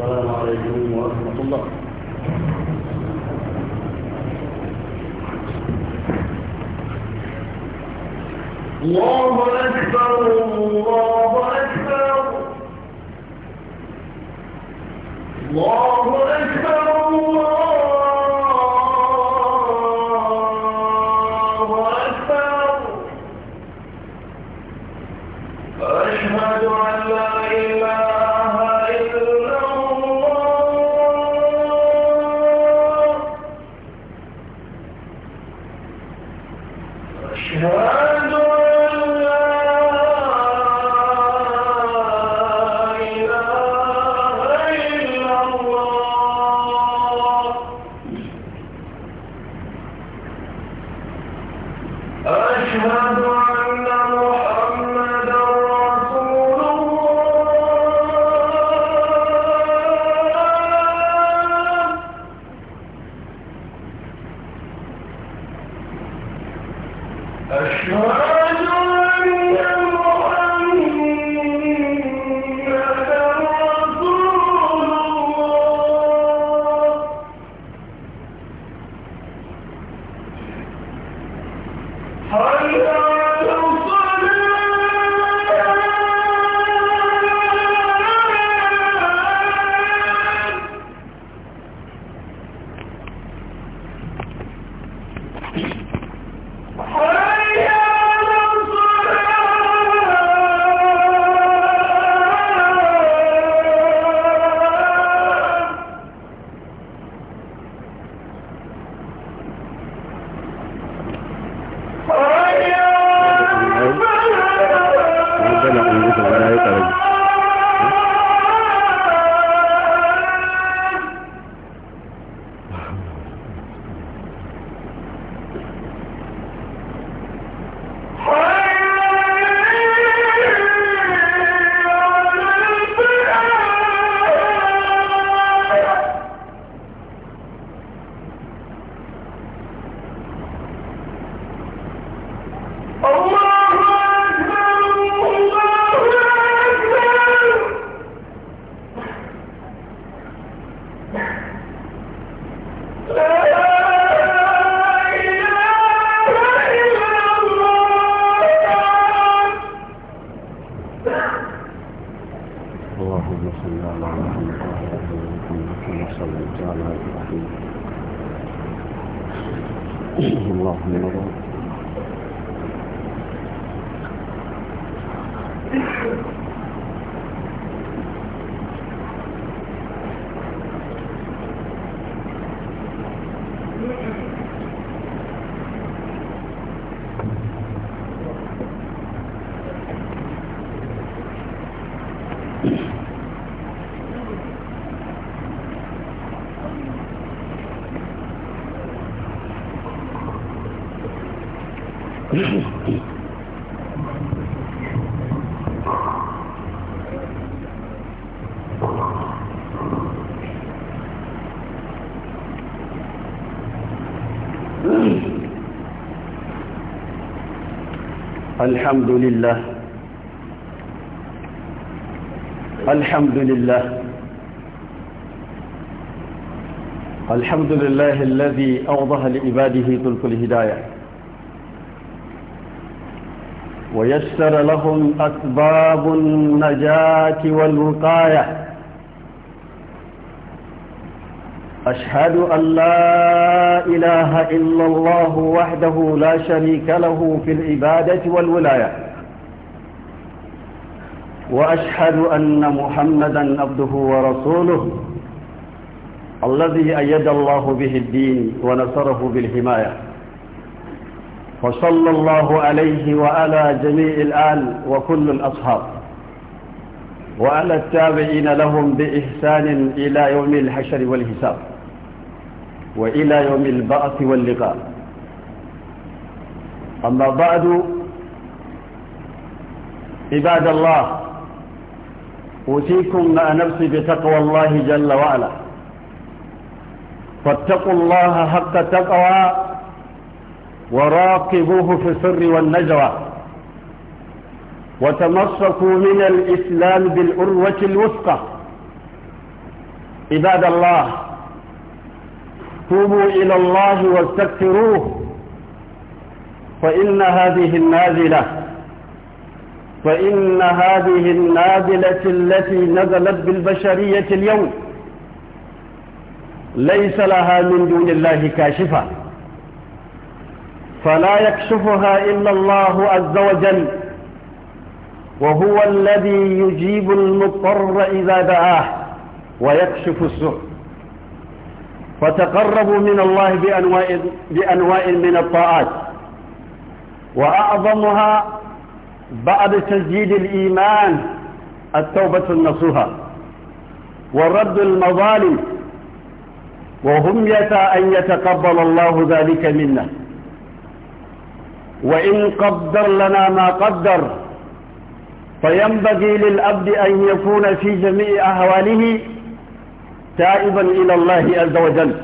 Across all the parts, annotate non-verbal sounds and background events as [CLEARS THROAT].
السلام عليكم ورحمة الله الله أكبر الله الحمد لله الحمد لله الحمد لله الذي أوضح لعباده طرق الهداية ويسر لهم أسباب النجاة والوقاية أشهد أن لا إله إلا الله وحده لا شريك له في العبادة والولاية وأشهد أن محمدا عبده ورسوله الذي أيد الله به الدين ونصره بالحماية وصلى الله عليه وعلى جميع الآل وكل الأصحاب وعلى التابعين لهم بإحسان إلى يوم الحشر والحساب وإلى يوم البعث واللقاء أما بعد عباد الله أوصيكم مع نفسي بتقوى الله جل وعلا فاتقوا الله حق تقوى وراقبوه في السر والنجوى وتمسكوا من الإسلام بالأروة الوثقى عباد الله توبوا إلى الله واستغفروه فإن هذه النازلة فإن هذه النازلة التي نزلت بالبشرية اليوم ليس لها من دون الله كاشفة فلا يكشفها إلا الله عز وجل وهو الذي يجيب المضطر إذا دعاه ويكشف السوء فتقربوا من الله بأنواع, بأنواع من الطاعات وأعظمها بعد تسجيد الإيمان التوبة النصوحة ورد المظالم وهمية أن يتقبل الله ذلك منا وإن قدر لنا ما قدر فينبغي للأبد أن يكون في جميع أهواله تائبا إلى الله عز وجل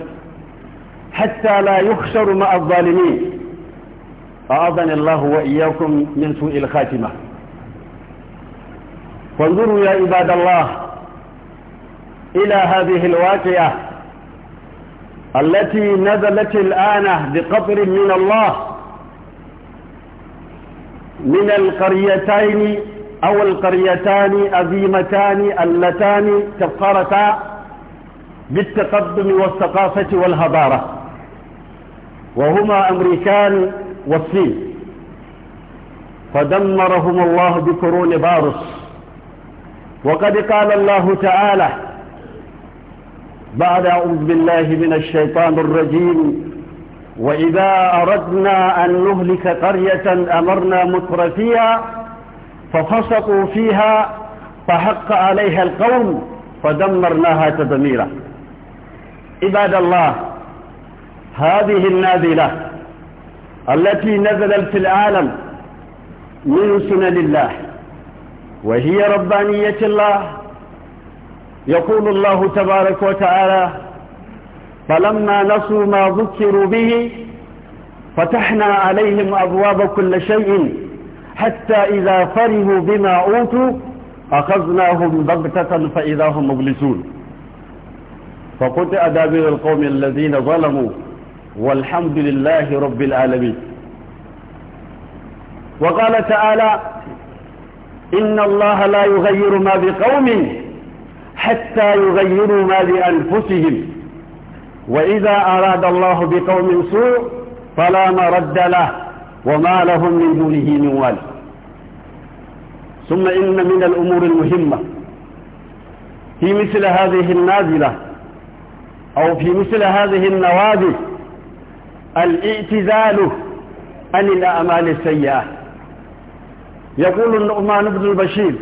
حتى لا يخشر مع الظالمين أعظني الله وإياكم من سوء الخاتمة فانظروا يا عباد الله إلى هذه الواقعة التي نزلت الآن بقطر من الله من القريتين أو القريتان أذيمتان اللتان تبقرتا بالتقدم والثقافة والهضارة وهما أمريكان والصين فدمرهم الله بقرون بارس وقد قال الله تعالى بعد أعوذ بالله من الشيطان الرجيم وإذا أردنا أن نهلك قرية أمرنا متر فيها ففسقوا فيها فحق عليها القوم فدمرناها تدميرا عباد الله هذه النازلة التي نزلت في العالم من سنن الله وهي ربانية الله يقول الله تبارك وتعالى فلما نسوا ما ذكروا به فتحنا عليهم أبواب كل شيء حتى إذا فرهوا بما أوتوا أخذناهم بغتة فإذا هم مبلسون فقطع دابر القوم الذين ظلموا والحمد لله رب العالمين وقال تعالى إن الله لا يغير ما بقوم حتى يغيروا ما بأنفسهم وإذا أراد الله بقوم سوء فلا مرد له وما لهم من دونه من والي ثم إن من الأمور المهمة في مثل هذه النازلة أو في مثل هذه النوادي الاعتزال عن الأعمال السيئة يقول النعمان بن البشير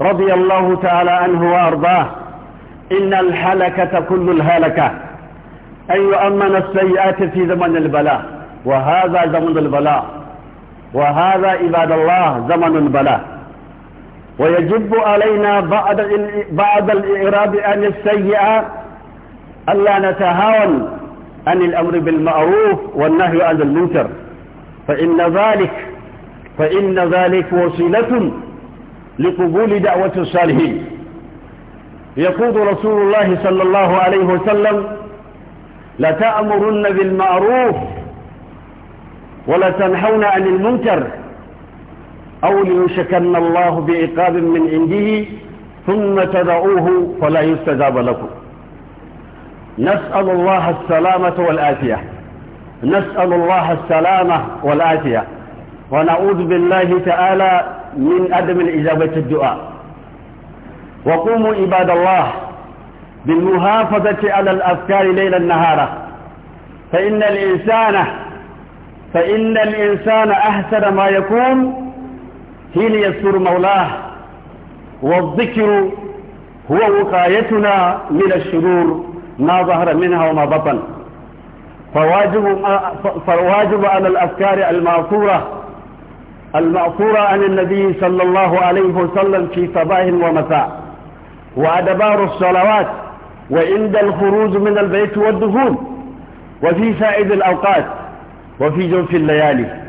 رضي الله تعالى عنه وأرضاه إن الحلكة كل الهلكة أن يؤمن السيئات في زمن البلاء وهذا زمن البلاء وهذا عباد الله زمن البلاء ويجب علينا بعد بعد الإعراب عن السيئة ألا نتهاون عن الأمر بالمعروف والنهي عن المنكر فإن ذلك فإن ذلك وسيلة لقبول دعوة الصالحين يقول رسول الله صلى الله عليه وسلم لتأمرن بالمعروف ولتنحون عن المنكر أو ليشكن الله بعقاب من عنده ثم تدعوه فلا يستجاب لكم نسأل الله السلامة والآتية نسأل الله السلامة والآتية ونعوذ بالله تعالى من أدم الإجابة الدعاء وقوموا عباد الله بالمحافظة على الأذكار ليلا نهارا فإن الإنسان فإن الإنسان أحسن ما يكون حين يذكر مولاه والذكر هو وقايتنا من الشرور ما ظهر منها وما بطن فواجب, فواجب على الأفكار المأثورة المأثورة عن النبي صلى الله عليه وسلم في صباح ومساء وأدبار الصلوات وعند الخروج من البيت والدخول وفي سائد الأوقات وفي جوف الليالي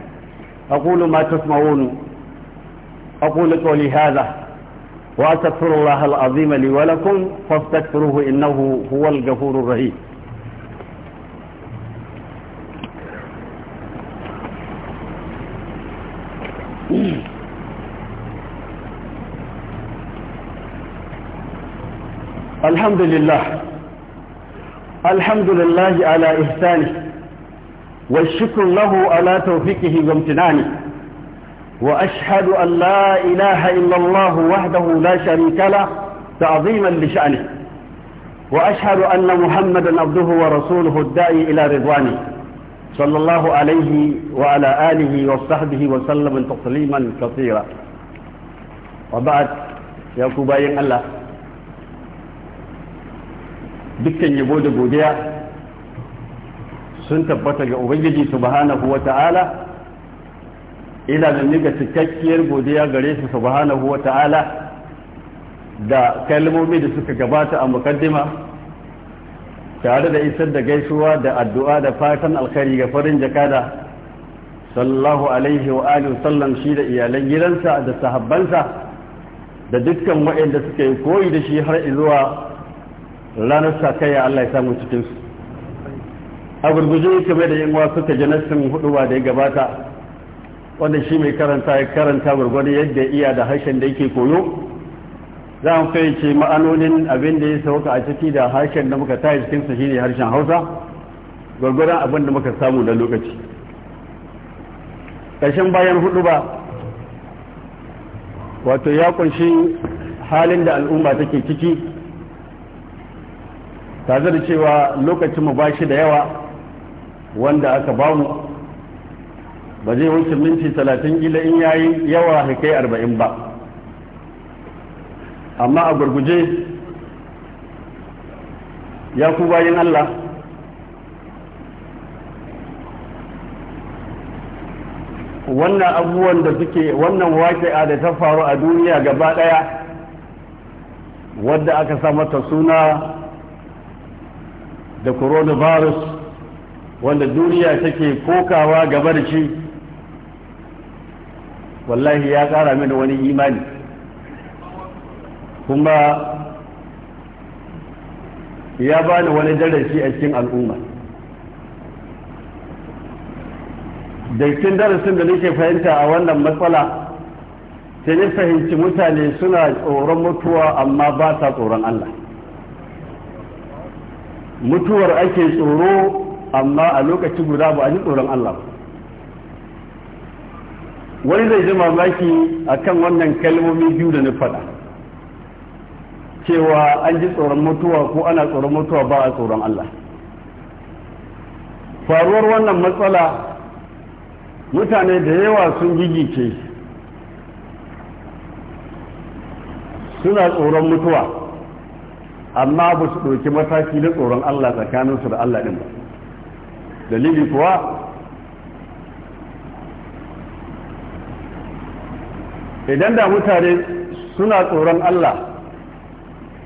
أقول ما تسمعون أقول قولي هذا وأستغفر الله العظيم لي ولكم فاستغفروه إنه هو الغفور الرحيم الحمد لله الحمد لله على إحسانه والشكر له على توفيقه وامتنانه وأشهد أن لا إله إلا الله وحده لا شريك له تعظيما لشأنه وأشهد أن محمدا عبده ورسوله الداعي إلى رضوانه صلى الله عليه وعلى آله وصحبه وسلم تسليما كثيرا وبعد يا كوباين الله dukkan yabo da godiya sun tabbata ga ubangiji subhanahu wa ta'ala ina da nika cikakkiyar godiya gare shi subhanahu wa ta'ala da kalmomi da suka gabata a mukaddima tare da isar da gaisuwa da addu'a da fatan alkhairi ga farin jakada sallallahu alaihi wa alihi sallam shi da iyalan gidansa da sahabbansa da dukkan waɗanda suka yi koyi da shi har zuwa ranar kai Allah ya samu cikinsu a gurguje kamar da yan suka ji nassin huduwa da ya gabata wanda shi mai karanta ya karanta gurgwani yadda iya da harshen da yake koyo za mu fahimci ma'anonin abin da ya sauka a ciki da harshen da muka tashi cikinsa shine harshen hausa gwargwadon abin da muka samu da lokaci ƙarshen bayan hudu ba wato ya kunshi halin da al'umma take ciki tare da cewa lokacinmu ba shi da yawa wanda aka bamu ba zai wuce minti talatin gila in yayi yawa kai arba'in ba amma a gurguje ya ku bayan allah wannan abubuwan da suke wannan waƙi'a da ta faru a duniya gaba ɗaya wadda aka sa mata suna da coronavirus wanda duniya take kokawa gaba da shi wallahi ya kara mini wani imani kuma ya bani wani darasi a cikin al'umma da cikin darasin da nake fahimta a wannan matsala sai ni fahimci mutane suna tsoron mutuwa amma ba sa tsoron Allah mutuwar ake tsoro amma a lokaci guda ba a ji tsoron Allah ba wani zai ji mamaki a kan wannan kalmomi biyu da na faɗa cewa an ji tsoron mutuwa ko ana tsoron mutuwa ba a tsoron Allah faruwar wannan matsala mutane da yawa sun gigice suna tsoron mutuwa amma ba su ɗauki mataki na tsoron Allah tsakaninsu da Allah ɗin ba dalili kuwa idan da mutane suna tsoron Allah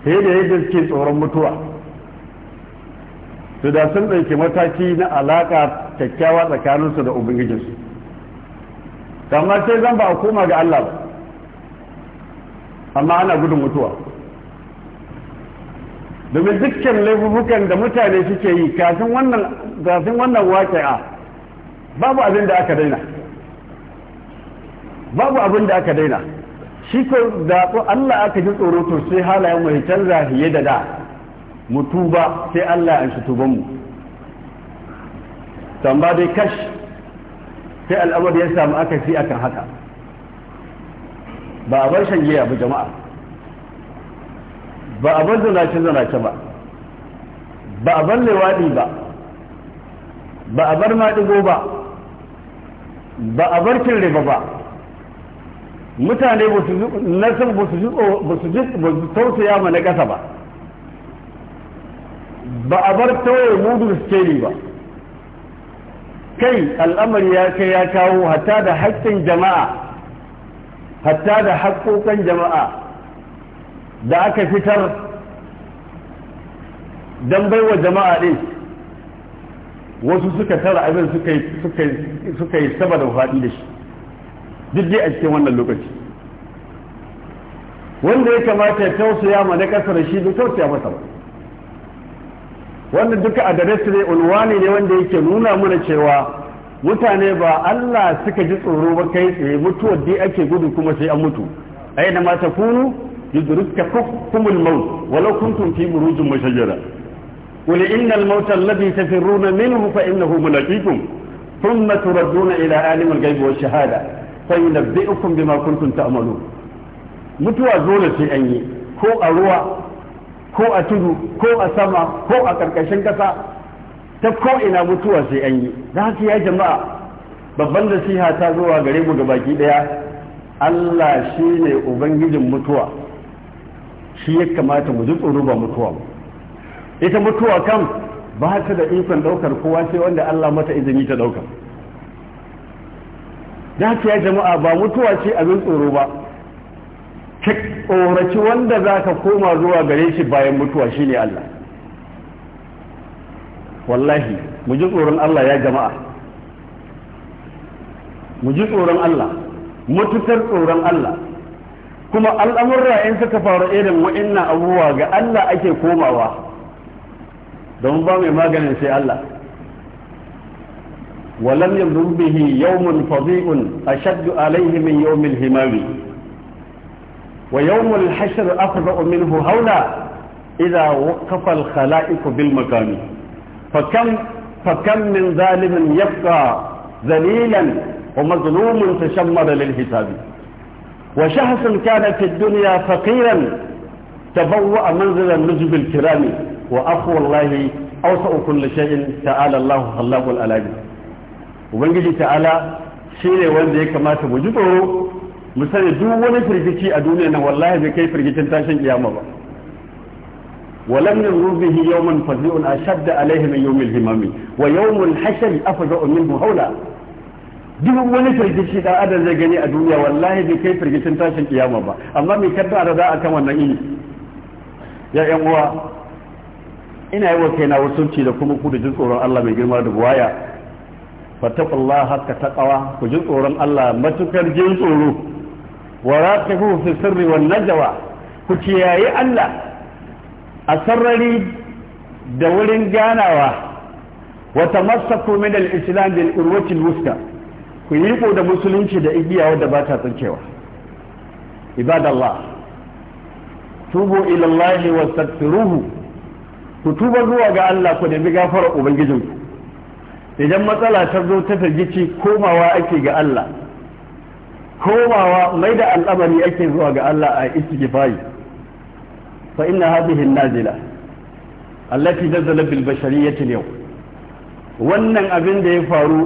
sai da yadda suke tsoron mutuwa to da sun ɗauki mataki na alaƙa kyakkyawa tsakaninsu da ubangijinsu amma sai zan ba a koma ga Allah ba amma ana gudun mutuwa domin dukkan laifukan da mutane suke yi kafin wannan a, babu abin da aka daina babu abin da aka daina shi ko da Allah aka ji tsoro to sai halayen mu canza fiye da da mu tuba sai Allah ya shi tuban mu tamba dai kash sai al'amar ya samu aka akan haka ba a bar shan giya ba jama'a ba a bar zanace zanace ba ba a bar lewadi ba ba a bar maɗigo ba ba a bar cin riba ba mutane ba su na tausaya ma na ƙasa ba ba a bar tauye mudu skeli ba kai al'amari ya kai ya kawo hatta da haƙƙin jama'a hatta da haƙƙoƙan jama'a da aka fitar don baiwa jama'a ɗin wasu suka tara abin suka yi saba da faɗi da shi duk dai a cikin wannan lokaci wanda ya kamata ya tausaya ma na kasar shi bai tausaya masa ba wanda duka adres ne unwani ne wanda yake nuna mana cewa mutane ba Allah suka ji tsoro ba kai tsaye mutuwar dai ake gudu kuma sai an mutu aina ma takunu yudrika kumul maut walau kuntum fi burujin mashajara قل إن الموت الذي تفرون منه فإنه ملاقيكم ثم تردون إلى عالم الغيب والشهادة sai yunabbi'ukum bima kuntum ta'malun mutuwa dole sai an yi ko a ruwa ko a tudu ko a sama ko a karkashin kasa ta ko ina mutuwa sai an yi da haka ya jama'a babban nasiha ta zuwa gare mu gabaki daya Allah shine ubangijin mutuwa shi ya kamata mu ji tsoro ba mutuwa ita mutuwa kam ba ta da ikon ɗaukar kowa sai wanda Allah mata izini ta daukar da haka ya jama'a ba mutuwa ce abin tsoro ba ka tsoraci wanda za ka koma zuwa gare shi bayan mutuwa shi ne Allah wallahi mu ji tsoron Allah ya jama'a mu ji tsoron Allah matukar tsoron Allah kuma al'amurra in suka faru irin wa'innan abubuwa ga Allah ake komawa don ba mai maganin sai Allah ولم يمر به يوم فظيع أشد عليه من يوم الهمام ويوم الحشر أفضأ منه هولا إذا وقف الخلائق بالمكان فكم, فكم من ظالم يبقى ذليلا ومظلوم تشمر للحساب وشخص كان في الدنيا فقيرا تبوأ منزل النجب الكرام وأخو الله أوسع كل شيء تعالى الله خلاب الألامي ubangiji ta'ala shi ne wanda ya kamata mu ji tsoro mu sani duk wani firgici a duniya na wallahi bai kai firgicin tashin kiyama ba ولم ينظر به يوما فزيع أشد عليه من يوم الهمم ويوم الحشر أفزع منه هولا duk wani firgici dan adam zai gani a duniya wallahi bai kai firgicin tashin kiyama ba amma mai kadda da za a kan wannan ini ya yan uwa ina yi wa kaina wasunci da kuma ku da jin tsoron Allah mai girma da buwaya fattakullah haka taqawa ku ji tsoron Allah matukar jin tsoro wa raqibu fi sirri wan najwa ku ciyayi Allah a sarrari da wurin ganawa wa tamassaku min al-islam bil urwati al-wusta ku yi ko da musulunci da igiya wadda ba ta tsinkewa ibadallah tubu ila Allah wastaghfiruhu ku tuba zuwa ga Allah ku da nemi gafarar ubangijinku idan matsala ta zo ta firgici komawa ake ga Allah komawa mai da al'amari ake zuwa ga Allah a istighfari fa inna hadhihi an-nazila allati nazala bil bashariyyati al-yawm wannan abin da ya faru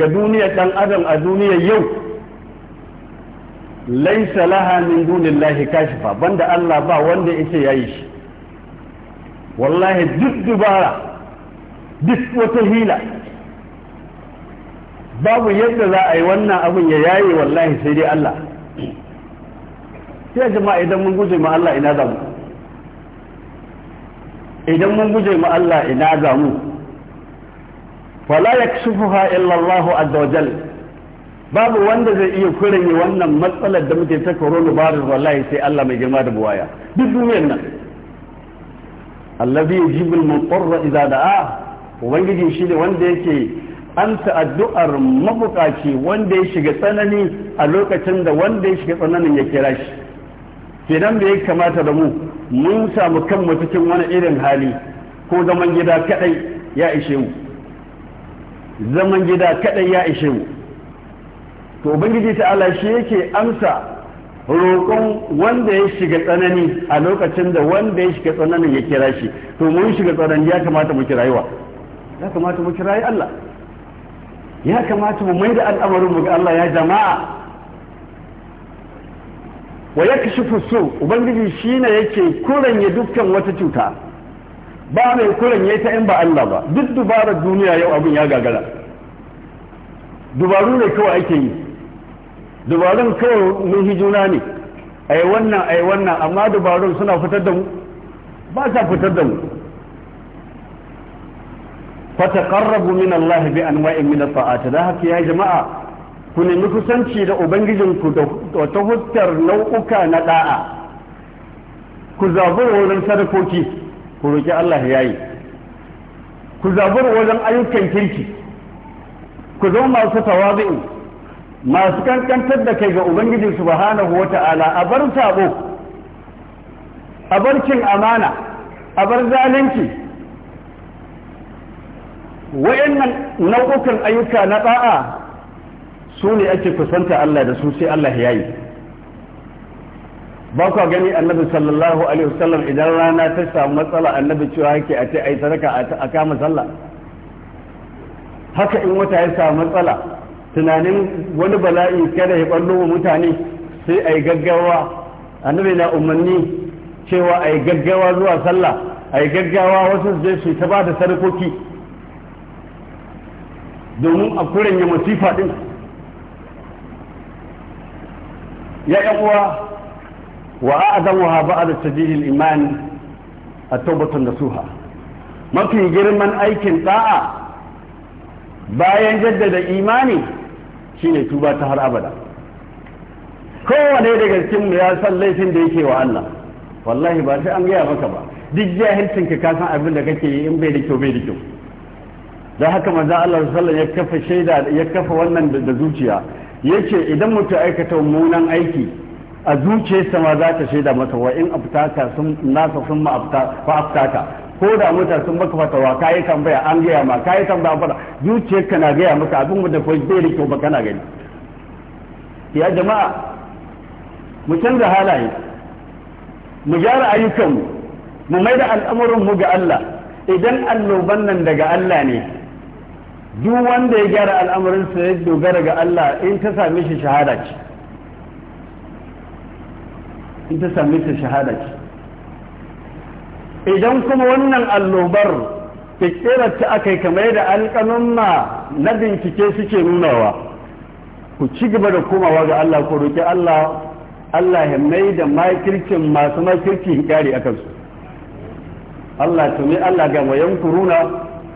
ga duniya dan adam a duniya yau laisa laha min dunillahi kashifa banda Allah ba wanda yake yayi shi wallahi duk dubara duk wata hila babu yadda za a yi wannan abin ya yaye wallahi sai dai Allah sai jama'a idan mun guje ma Allah ina zamu idan mun guje ma Allah ina zamu fala yakshufuha illa Allah azza wa jalla babu wanda zai iya kuranye wannan matsalar da muke ta coronavirus wallahi sai Allah mai girma da buwaya duk duniyar nan allazi yujibul mutarra idza da'a ubangiji shi ne wanda yake amsa addu'ar mabukaci wanda ya shiga tsanani a lokacin da wanda ya shiga tsananin ya kira shi kenan da ya kamata da mu mun samu kanmu cikin wani irin hali ko zaman gida kadai ya ishe mu zaman gida kadai ya ishe mu to ubangiji ta Allah shi yake amsa roƙon wanda ya shiga tsanani a lokacin da wanda ya shiga tsananin ya kira shi to mun shiga tsanani ya kamata mu kira rayuwa. ya kamata mu kirayi Allah ya kamata mu mai da al'amarin mu ga Allah ya jama'a wa yakshifu su ubangiji shine yake kuranye dukkan wata cuta ba mai kuranye ta in ba Allah ba duk dubarar duniya yau abin ya gagara dubaru ne kawai ake yi dubarun kawai mun hijuna ne ai wannan ai wannan amma dubarun suna fitar da mu ba sa fitar da mu fataqarrabu min Allah bi anwa'in min at da haka ya jama'a ku nemi kusanci da ubangijinku da ta huttar nau'uka na da'a ku zabura wurin sadakoki ku roki Allah ya yi ku zabi wajen ayyukan kirki ku zama masu tawazu'u masu kankantar da kai ga ubangiji subhanahu wata'ala a bar sabo a bar cin amana a bar zalunci wayannan nau'ukan ayyuka na da'a su ne ake kusanta Allah da su sai Allah ya yi ba ku gani annabi sallallahu alaihi wasallam idan rana ta samu matsala annabi cewa yake a ce ai sadaka a kama sallah haka in wata ya samu matsala tunanin wani bala'i kada ya ballo wa mutane sai ai gaggawa annabi na umarni cewa ai gaggawa zuwa sallah ai gaggawa wasu zai su ta ba da sadakoki domin a ya masifa ɗin ya yan uwa wa a'zamuha da tajihil iman at da suha mafi girman aikin ɗa’a bayan jaddada imani shine tuba ta har abada kowane daga cikin mu ya san laifin da yake wa Allah wallahi ba sai an gaya maka ba duk jahilcinka ka san abin da kake yi in bai da kyau bai da kyau don haka manzan Allah sallallahu ya kafa shaida ya kafa wannan da zuciya yace idan mutum aikata munan aiki a zuciyarsa ma za ta shaida masa wa in aftaka sun nasa sun ma aftaka ko da mota sun maka fatawa kayi tambaya an gaya ma kayi tambaya fara zuciyarka na gaya maka abin da fa zai da ba kana gani ya jama'a mu canza halaye mu gyara ayyukanmu mu mai da al'amuranmu ga Allah idan annoban nan daga Allah ne duk wanda ya gyara al'amarinsa ya dogara ga Allah in ta same shi shahada ce in ta same shi shahada ce idan kuma wannan allobar ƙirƙirar ta aka yi kamar da alƙanunna na bincike suke nunawa ku ci gaba da komawa ga Allah ku roƙi Allah Allah ya mai da makircin masu makirci kare akan su Allah tumi Allah ga wayan kuruna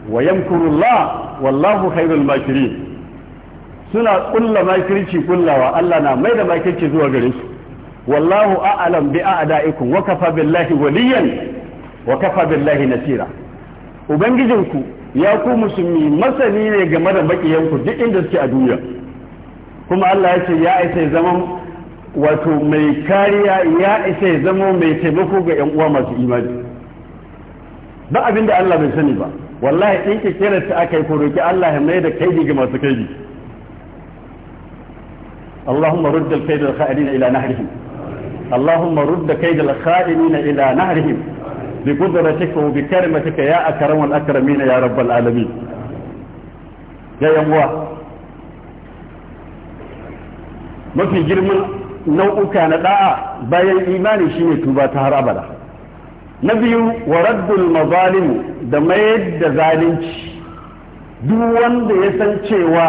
wa yamkurullah wallahu khairul makirin suna kulla makirci kullawa Allah na mai da makirci zuwa gare su wallahu a'lam bi a'daikum wa kafa billahi waliyan wa kafa billahi nasira ubangijinku ya ku musulmi masani ne game da bakiyanku duk inda suke a duniya kuma Allah ya ce ya isa zaman wato mai kariya ya isa zama mai taimako ga yan uwa masu imani ba abinda Allah bai sani ba wallahi in ki kira ta akai ko roki Allah ya mai da kaidi ga masu kaidi Allahumma rudd al-kayd al-kha'ilina ila nahrihim Allahumma rudd kayd al-kha'ilina ila nahrihim bi qudratika wa bi karimatika ya akram al-akramin ya rabb al-alamin ya yanwa mafi girman nau'uka na da'a bayan imani shine tuba ta har abada na biyu wa raddul mazalim da mayar da zalunci duk wanda ya san cewa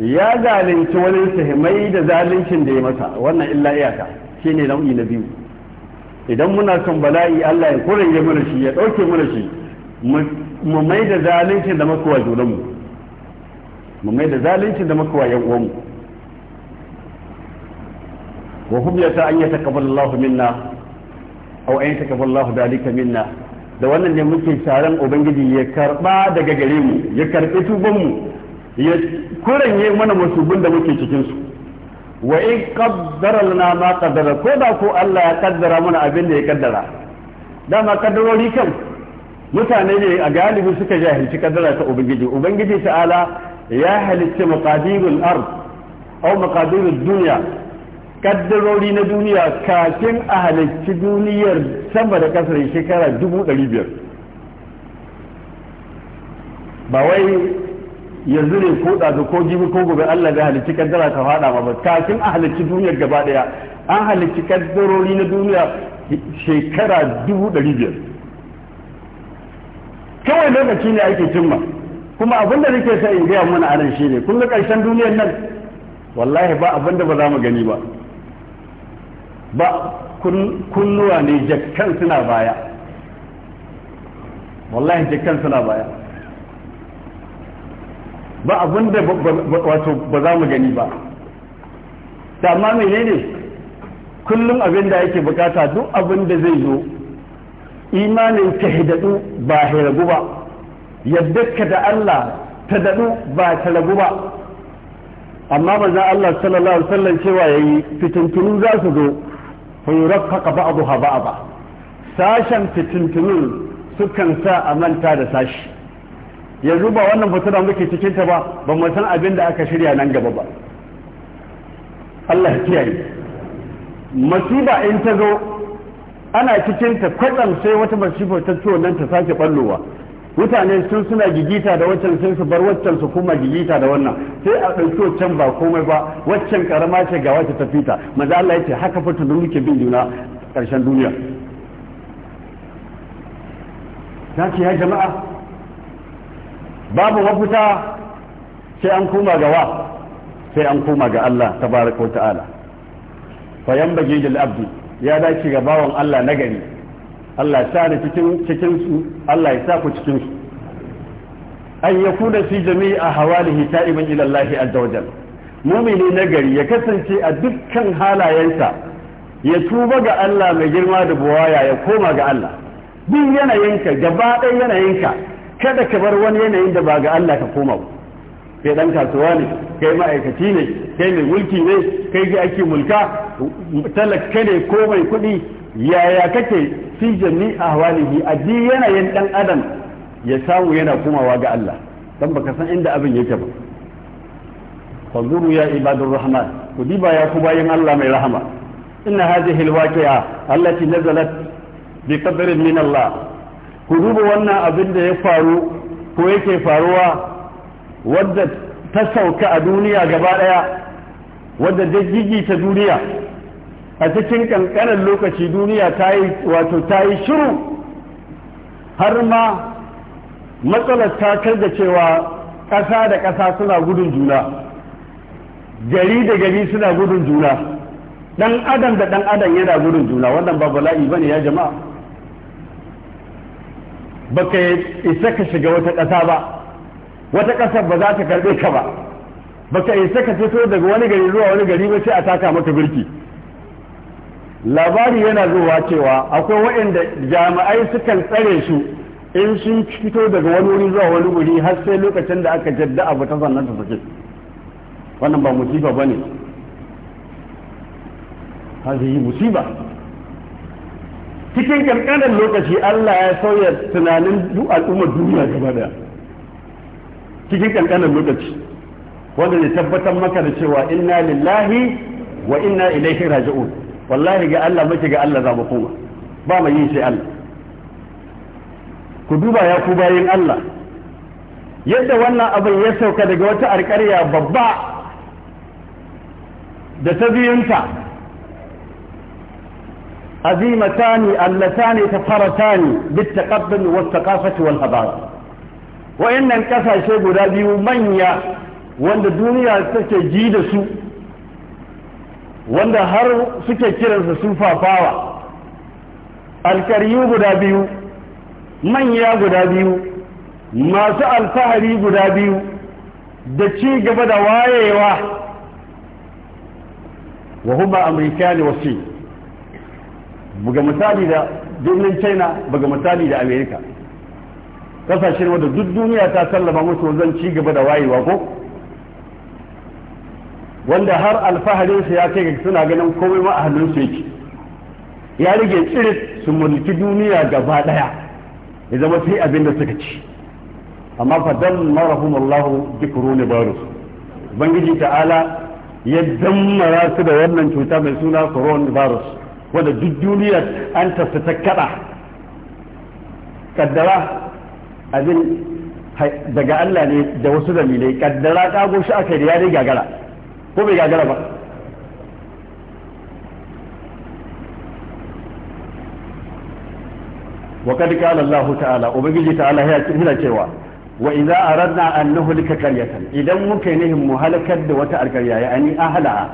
ya zalunci wani sai mai da zaluncin da ya masa wannan illa iyaka shine nau'i na biyu idan muna son bala'i Allah ya kurege mana shi ya dauke mana shi mu mai da zaluncin da makowa junanmu mu mai da zaluncin da makowa yan uwanmu wa an yata an Allahu minna aw an takafallahu dalika minna da wannan ne muke taron ubangiji ya karba daga gare mu ya karbi tuban mu ya kuranye mana musubin da muke cikin su wa in qaddara lana ma qaddara ko da ko Allah ya kaddara mana abin da ya kaddara dama kaddarori kan mutane ne a galibi suka jahilci kaddara ta ubangiji ubangiji ta'ala ya halitta maqadirul ard aw maqadirud dunya kaddarori na duniya kafin a halarci duniyar sama da kasar shekara dubu ɗari biyar ba wai yanzu ne ko ɗazu ko jibi ko gobe Allah da halicci kaddara ta faɗa ba ba kafin a halicci duniyar gaba ɗaya an halicci kaddarori na duniya shekara dubu ɗari biyar kawai lokaci ne ake cimma kuma abin da nake sa in gaya mana anan shi ne kun ga ƙarshen duniyar nan wallahi ba abin da ba za mu gani ba ba kunnuwa ne jakkan suna baya wallahi jakkan suna baya ba abin da wato ba za mu gani ba da amma menene kullum abin da yake bukata duk abin da zai zo imanin ta hidadu ba hiragu ba yadda ka da Allah ta dadu ba ta ragu ba amma ba za Allah sallallahu alaihi wasallam cewa yayi fitintunu za su zo ba yuraqqa ba'daha ba. sashen fitintunin sukan sa a manta da sashi yanzu ba wannan fitina muke cikin ta ba ba mu san abin da aka shirya nan gaba ba Allah ya kiyaye masiba in ta zo ana cikin ta kwatsam sai wata masifa ta ciwo nan ta sake ballowa mutane sun suna gigita da waccan sai su bar waccan su kuma gigita da wannan sai a ɗauki waccan ba komai ba waccan karama ce ga wacce ta fita maza Allah ya ce haka fa tudun muke bin juna ƙarshen duniya ta ce ya jama'a babu mafita sai an koma ga wa sai an koma ga Allah tabaraka wa ta'ala fa yan bagi abdi ya dace ga bawan Allah nagari Allah ya sa ni cikin cikin su Allah ya sa ku cikin su an yakuna fi jami'i ahwalihi ta'iban ila Allah azza wajal mumini nagari ya kasance a dukkan halayensa ya tuba ga Allah mai girma da buwaya ya koma ga Allah duk yanayinka gaba ɗaya yanayinka kada ka bar wani yanayin da ba ga Allah ka koma ba kai dan kasuwa ne kai ma'aikaci ne kai mai mulki ne kai ga ake mulka talaka ne ko mai kuɗi yaya kake fi jami ahwalihi a ji yanayin dan adam ya samu yana komawa ga Allah dan baka san inda abin yake ba fazuru ya ibadur rahman ku diba ya ku bayin Allah mai rahama inna hadhihi alwaqi'a allati nazalat bi qadrin min Allah ku duba wannan abin da ya faru ko yake faruwa wadda ta sauka a duniya gaba daya wadda ta duniya a cikin kankanin lokaci duniya ta yi wato ta yi shiru har ma matsalar ta kai da cewa ƙasa da ƙasa suna gudun juna gari da gari suna gudun juna dan adam da dan adam yana gudun juna wannan ba bala'i ne ya jama'a baka isa ka shiga wata ƙasa ba wata ƙasar ba za ta karɓe ka ba baka isa ka fito daga wani gari zuwa wani gari ba sai a taka maka birki labari yana zuwa cewa akwai waɗanda jami'ai sukan tsare su in sun fito daga wani wuri zuwa wani wuri har sai lokacin da aka jadda abu ta sannan ta fashe wannan ba musiba ba ne yi musiba cikin kankanin lokaci Allah ya sauya tunanin al'ummar duniya gaba daya cikin kankanin lokaci wanda ne tabbatar maka da cewa inna lillahi wa inna ilaihi raji'un wallahi ga Allah muke ga Allah za mu koma ba mai yin sai Allah ku duba ya ku bayin Allah yadda wannan abin ya sauka daga wata alƙarya babba da ta biyunta azimatani allatani tafaratani bittaqabbul wattaqafati wal hadara wayannan kasashe guda biyu manya wanda duniya take ji da su wanda har suke kiransa sufafawa alkariyu guda biyu manya guda biyu masu alfahari guda biyu da ci gaba da wayewa wa huma ne wasu buga misali da birnin china buga misali da amerika kasashen wadda duk duniya ta sallama musu wajen ci gaba da wayewa ko wanda har alfaharinsa ya kai suna ganin komai ma a hannunsu yake ya rage tsirit su mulki duniya gaba daya ya zama sai abin da suka ci amma fa dan marahumullahu dikruni barus Bangiji ta'ala ya dammara su da wannan cuta mai suna coronavirus wanda duk duniya an tafsa ta kada kaddara abin daga Allah ne da wasu dalilai kaddara ta goshi aka yi ya gagara ko bai gagara ba wa kad qala ta'ala ubangiji ta'ala ina cewa wa idza aradna an nuhlika qaryatan idan muka yi mu halakar da wata alkarya ya ani ahlaha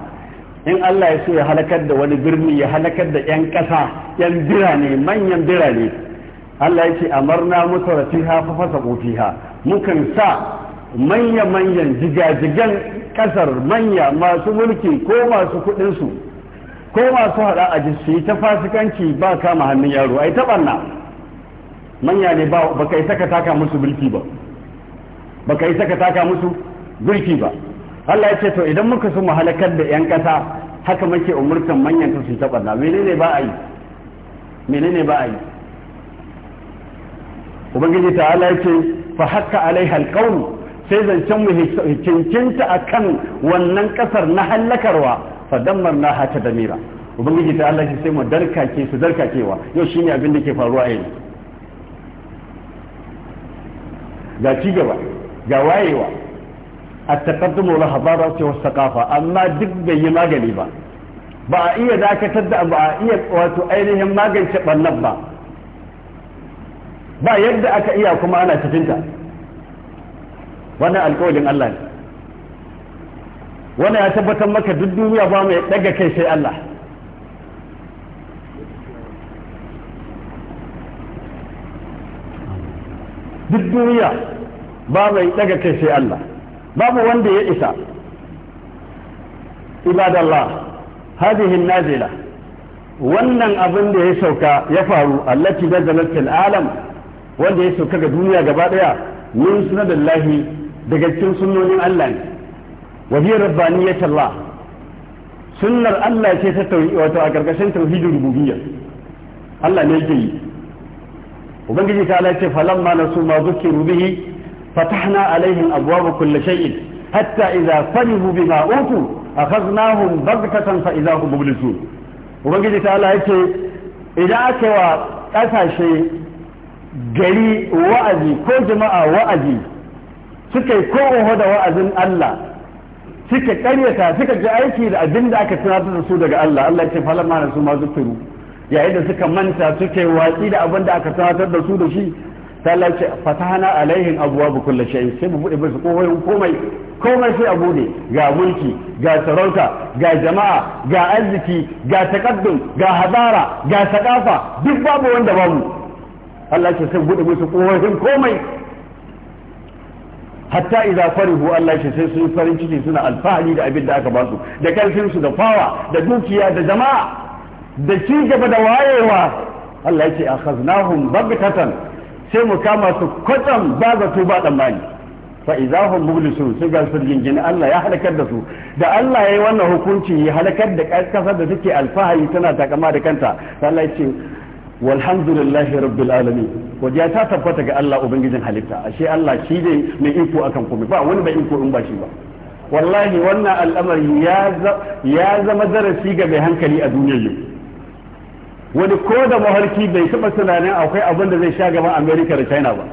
in Allah ya so ya halakar da wani birni ya halakar da yan kasa yan birane manyan birane Allah yake amarna mutarfiha fa fasaqu fiha mukan sa manya-manyan jigajigan kasar manya masu mulki ko masu kudinsu ko masu hada a jisi ta fasikanci ba kama hannun yaro yi taɓanna manya ne ba ka yi saka taka musu mulki ba ba ka yi saka taka musu mulki ba Allah ya ce to idan muka su mahalakar da 'yan ƙasa haka muke umurtan manyan ta su taɓanna menene ba a yi menene ba a yi ubangiji ta Allah ya ce fa hakka alaiha alqawl sai zancen mu cincinta a kan wannan ƙasar na hallakarwa fadammar na hata da mira ubangiji ta Allah sai mu darkake su darkakewa yau shine abin da ke faruwa yanzu ga ci gaba ga wayewa a taƙaddumu wa habara ce wasu sakafa amma duk bai yi magani ba ba a iya dakatar da ba a iya wato ainihin magance ɓannan ba ba yadda aka iya kuma ana cikinta wannan alƙawarin Allah ne wannan ya tabbatar maka duk duniya ba mai daga kai sai Allah duk duniya ba mai daga kai sai Allah babu wanda ya isa ibadallah hadihin nazila wannan abin da ya sauka ya faru allati nazalat fil alam wanda ya sauka ga duniya gaba daya min sunadallahi daga cikin sunnonin Allah ne wa bi rabbaniyat Allah sunnar Allah ce ta tauhid wato a karkashin tauhidin rububiyya Allah ne yake yi ubangiji ta Allah ce falamma nasu ma zukiru bihi fatahna alaihim abwaba kulli shay'in hatta idza farihu bima utu akhadnahum baghtatan fa idza hum mublisun ubangiji ta Allah yake idan aka wa kasashe gari wa'azi ko jama'a wa'azi suka yi ko'oho da wa'azin Allah suka karyata suka ji aiki da abin da aka tunatar da su daga Allah Allah ce falamma mana su ma turu. yayin da suka manta suka yi watsi da abin da aka tunatar da su da shi ta Allah ce fatahana alaihim abwaab kulli shay sai mu bude musu kohoyin komai komai sai a bude ga mulki ga sarauta ga jama'a ga arziki ga takaddum ga hadara ga sakafa duk babu wanda babu Allah ce sai bude musu kohoyin komai hatta idza farihu Allah shi sai sun farin ciki suna alfahari da abin da aka ba su da karfin su da fawa da dukiya da jama'a da ci gaba da wayewa Allah yake akhaznahum bagtatan sai mu kama su kwatsam ba zato ba tsammani fa idza hum mublisun sai ga su jingin Allah ya halakar da su da Allah yayi wannan hukunci ya halakar da kasar da take alfahari tana takama da kanta Allah yake walhamdulillahi rabbil alamin godiya ta tabbata ga Allah ubangijin halitta ashe Allah shi ne mai iko akan komai ba wani bai iko in ba shi ba wallahi wannan al'amari ya zama darasi ga mai hankali a duniyar yau wani ko da mahalki bai taba tunanin akwai abin da zai sha gaban amerika da china ba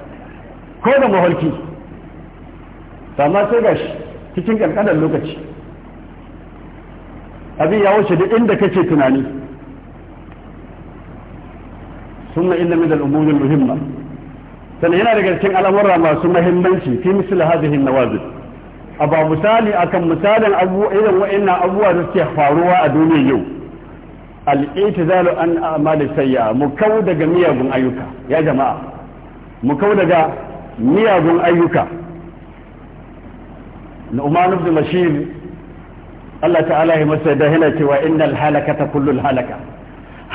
ko da mahalki amma sai ga shi cikin kankanar lokaci abin ya wuce duk inda kake tunani ثم إن من الأمور المهمة sannan yana daga cikin al'amura masu mahimmanci fi misali hadihin nawazin a ba misali akan misalin irin wa'annan abuwa da suke faruwa a duniyar yau al'itizalu an amali sayya mu kau daga miyagun ayyuka ya jama'a mu kau daga miyagun ayyuka na umar ibn bashir Allah ta'ala ya masa da yana cewa innal halakata kullul halaka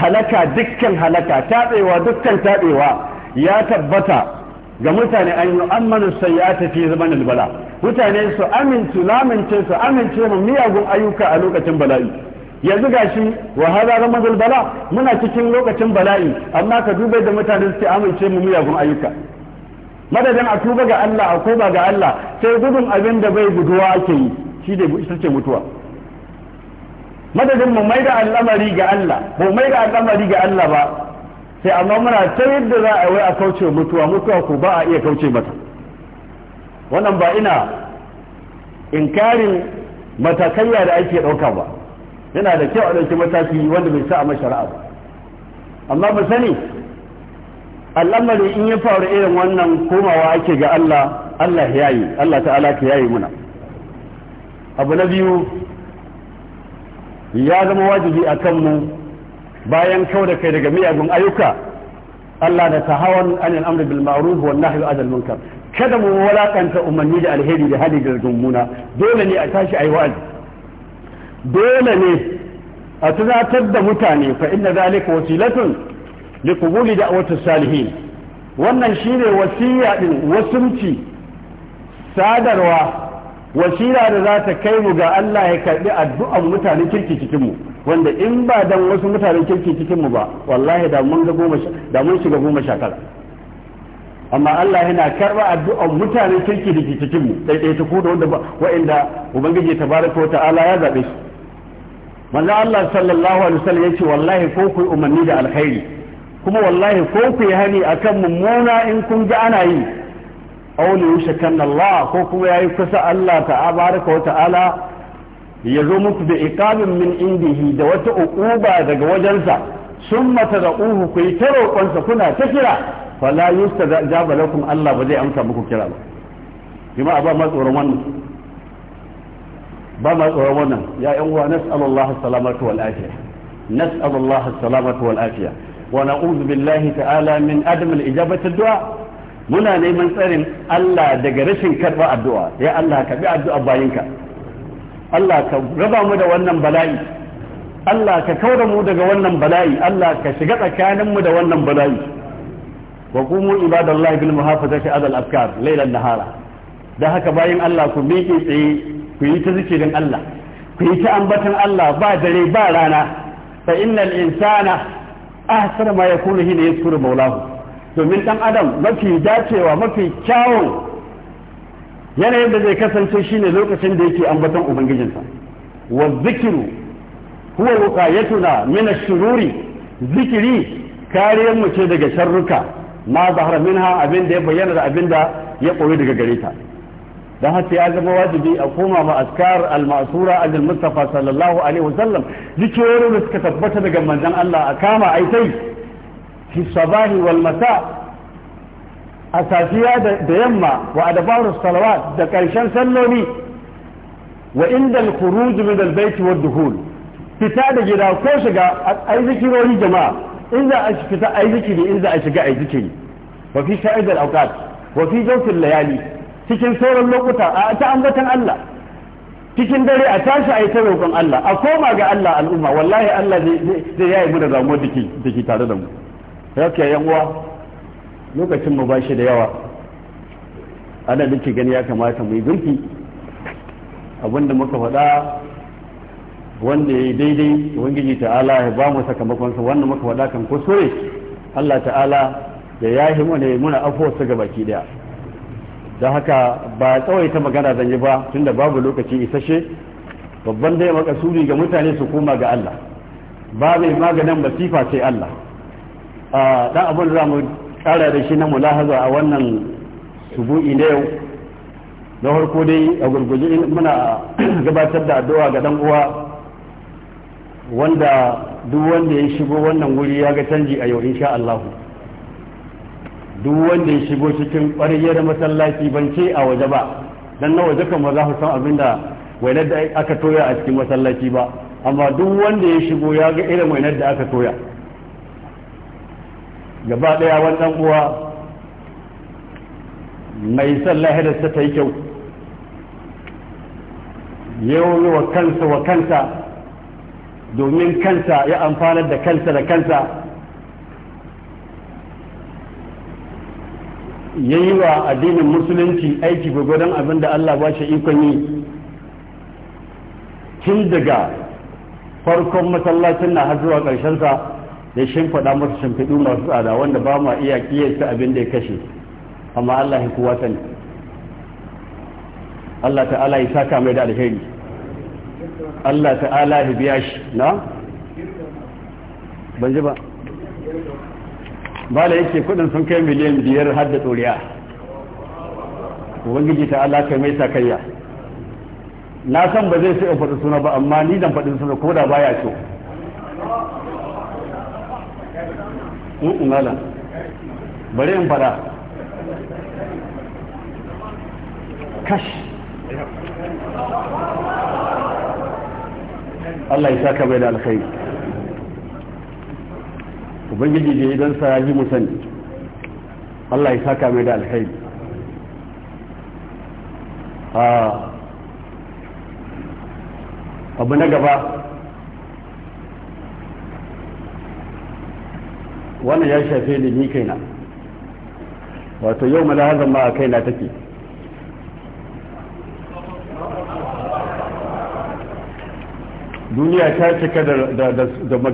halaka dukkan halaka tabewa dukkan tabewa ya tabbata ga mutane an yi tafi sayyata fi zaman bala mutane su amince lamince su amince mu miyagun ayyuka a lokacin bala'i yanzu gashi wa hada bala muna cikin lokacin bala'i amma ka duba da mutane suke amince mu miyagun ayyuka madadin a tuba ga Allah a ba ga Allah sai gudun abin da bai guduwa ake yi shi da ita ce mutuwa madadin mu maida al'amari ga Allah mu maida al'amari ga Allah ba sai amma muna ta yadda za a wai a kauce mutuwa mutuwa ko ba a iya kauce mata wannan ba ina inkarin matakaiya da ake ɗauka ba yana da kyau a ɗauki mataki wanda bai sa a mashara'a ba amma mu sani al'amari in ya faru irin wannan komawa ake ga Allah Allah ya yi Allah ta'ala ka yayi muna abu na biyu ya zama wajibi a kanmu bayan kau da kai daga miyagun ayyuka Allah da tahawan anil amri bil ma'ruf wan nahyi anil munkar kada mu walakanta umarni da alheri da hali da gunguna dole ne a tashi ayi wa'azi dole ne a tunatar da mutane fa inna zalika wasilatun li da da'wati salihin wannan shine wasiya din wasumci sadarwa wasila da za ta kai mu ga Allah ya karbi addu'an mutane kirki cikin mu wanda in ba dan wasu mutanen kirki cikin mu ba wallahi da mun ga goma da mun shiga goma shakara amma Allah yana karba addu'an mutanen kirki da cikin mu daidai ta ku da wanda wa'inda ubangiji tabaraka wa ta'ala ya zabe su manzo Allah sallallahu alaihi wasallam yace wallahi ko ku umarni da alkhairi kuma wallahi ko ku yi hani akan mummuna in kun ga ana yi wuce yushakanna Allah ko kuma ya yi kusa Allah ta'abaraka wa ta'ala ya zo muku da iqabin min indihi da wata uquba daga wajensa summa tad'uhu ku yi ta roƙonsa kuna ta kira fala yustajaba lakum Allah ba zai amsa muku kira ba jama'a ba ma tsoron wannan ba ma tsoron wannan ya yan uwa nas'alullahi salamatu wal afiya nas'alullahi salamatu wal afiya wa na'udhu billahi ta'ala min adam al ijabati ad-du'a muna neman tsarin Allah daga rashin karɓa addu'a ya Allah ka bi addu'a bayinka Allah ka raba mu da wannan bala'i Allah ka kaura mu daga wannan bala'i Allah ka shiga tsakanin mu da wannan bala'i wa qumu ibadallahi bil muhafazati ala al-afkar laylan nahara dan haka bayin Allah ku miƙe tsaye ku yi ta zikirin Allah ku yi ta ambatan Allah ba dare ba rana fa innal insana ahsana ma yakunu hina yadhkuru maulahu domin ɗan adam mafi dacewa mafi kyawun yanayin da zai kasance shi ne lokacin da yake ambaton ubangijinsa wa zikiru huwa wuqayatuna na mina shururi zikiri kariyar mu ce daga sharruka ma zahara minha abin da ya bayyana da abin da ya koyi daga gare ta dan haka ya zama wajibi a koma ma askar al-ma'sura al mustafa sallallahu alaihi wasallam zikirorin da suka tabbata daga manzon Allah a kama aitai fi sabahi wal masa a safiya da yamma wa adbaru salawat da karshen salloli wa inda al-khuruj min al-bayt wa dukhul fita da gida ko shiga ai zikirori jama'a in za a fita ai zikiri in za a shiga ai zikiri wa fi sa'id al-awqat wa fi jawf al-layali cikin sauran lokuta a ta ambatan Allah cikin dare a tashi a yi ta roƙon Allah a koma ga Allah al'umma wallahi Allah zai yayi mu da damuwar da ke tare da mu haka yan uwa lokacin mu shi da yawa ana nake gani ya kamata mu yi zurfi abinda muka faɗa wanda ya yi daidai ubangiji ta'ala ya ba mu sa wanda muka faɗa kan sore Allah ta'ala da ya yi mana ya muna su ga baki daya da haka ba tsawaita magana zan yi ba tunda babu lokaci isashe babban dai makasuri ga mutane su koma ga Allah ba mai maganin masifa sai Allah da abin za mu tsara da shi na mulahaza a wannan subu'i na yau na farko dai a gurguje muna [CLEARS THROAT] gabatar da addu'a ga dan uwa wanda duk wanda ya shigo wannan wuri ya ga canji a yau insha Allah duk wanda ya shigo cikin ƙwariyar masallaci ban ce a waje ba dan na waje kan za ku san abin da wainar da aka toya a cikin masallaci ba amma duk wanda ya shigo ya ga irin wainar da aka toya gaba daya wannan uwa mai son lahirarsa ta yi kyau yau wa kansa wa kansa domin kansa ya amfanar da kansa da kansa ya yi wa addinin musulunci aiki gwagwadon abin da Allah ba shi ikon yi tun daga farkon masallacin na har zuwa ƙarshensa ya shimfiɗa masa shimfiɗu masu tsada wanda ba ma iya kiyasta abin da ya kashe amma Allah ya kuwa sani Allah ta'ala ya saka mai da alheri Allah ta'ala ya biya shi na ban ji ba bala yake kudin sun kai miliyan biyar har da tsoriya ubangiji ta Allah kai mai sakayya na san ba zai sai in faɗi suna ba amma ni dan faɗin suna ko da baya so in mm, bari in fada kash Allah ya saka bai da alkhairi ubangiji da idan sa yi musani Allah ya saka mai da alkhairi ah. abu na gaba wannan ya shafe ni ni kaina wato yau malahazan ma a kaina take duniya ta cika da